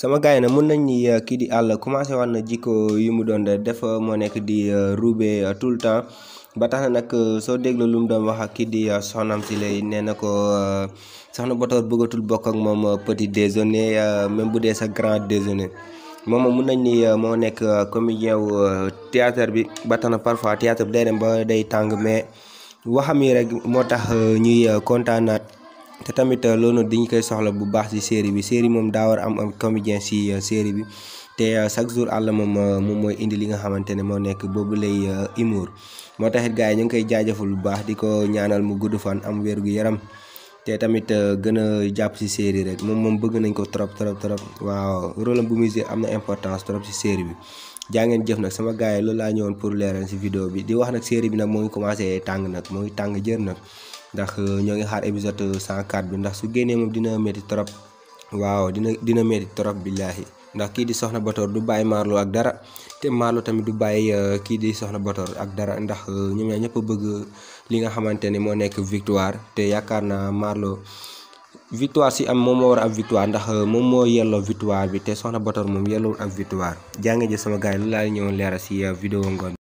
sama gars yi mun nañ ni kii di àll commencé waat na jikko yu mu doon def moo nekk di euh, roube euh, tout le temps ba tax na nag euh, soo dégloo lu mu doon wax ak kii di soxnaam si lay nee na ko soxna Batoor bëggatul bokk ak moom petit déjeuner même bu dee sa grande grand déjeuner. moom mun nañ ni moo nekk comédien wu théâtre bi ba tax na parfois théâtre bi day dem ba day tàng mais waxam yi rek moo tax ñuy kontaanaat. te tamit euh, loolu dañu koy soxla bu baax ci série bi série moom daa war am am comédien ci euh, série bi te euh, chaque jour àll moom moom mooy indi li nga xamante ne moo nekk boobu lay humour moo taxit gars yi ñu ngi koy jaajëfal bu baax di ko ñaanal mu gudd fan am wér gu yaram te tamit gën a jàpp ci série rek moom moom bëgg nañ ko trop trop trop waaw rôle bu musée am na importance trop ci série bi jaa jëf nag sama gars yi loolu laa ñëwoon pour leeral ci vidéo bi di wax nag série bi nag moo ngi commencé tàng nag moo ngi tàng jër nag ndax euh, ñoo ngi xaar épisode 104 bi ndax su génnee moom dina métti trop waaw dina dina métti trop billaahi ndax kii di soxna Batoor du bàyyi Marlo ak dara te Marlo tamit du bàyyi euh, kii di soxna Batoor ak dara ndax euh, ñoom ñaa ñëpp a bëgg li nga xamante ne moo nekk victoire te yaakaar naa Marlo victoire si am moom moo war a am victoire ndax moom moo yelloo victoire bi te soxna Batoor moom yelloowul ak victoire jànge ji sama gars yi lu laa ñëwoon leeral si vidéo ngoon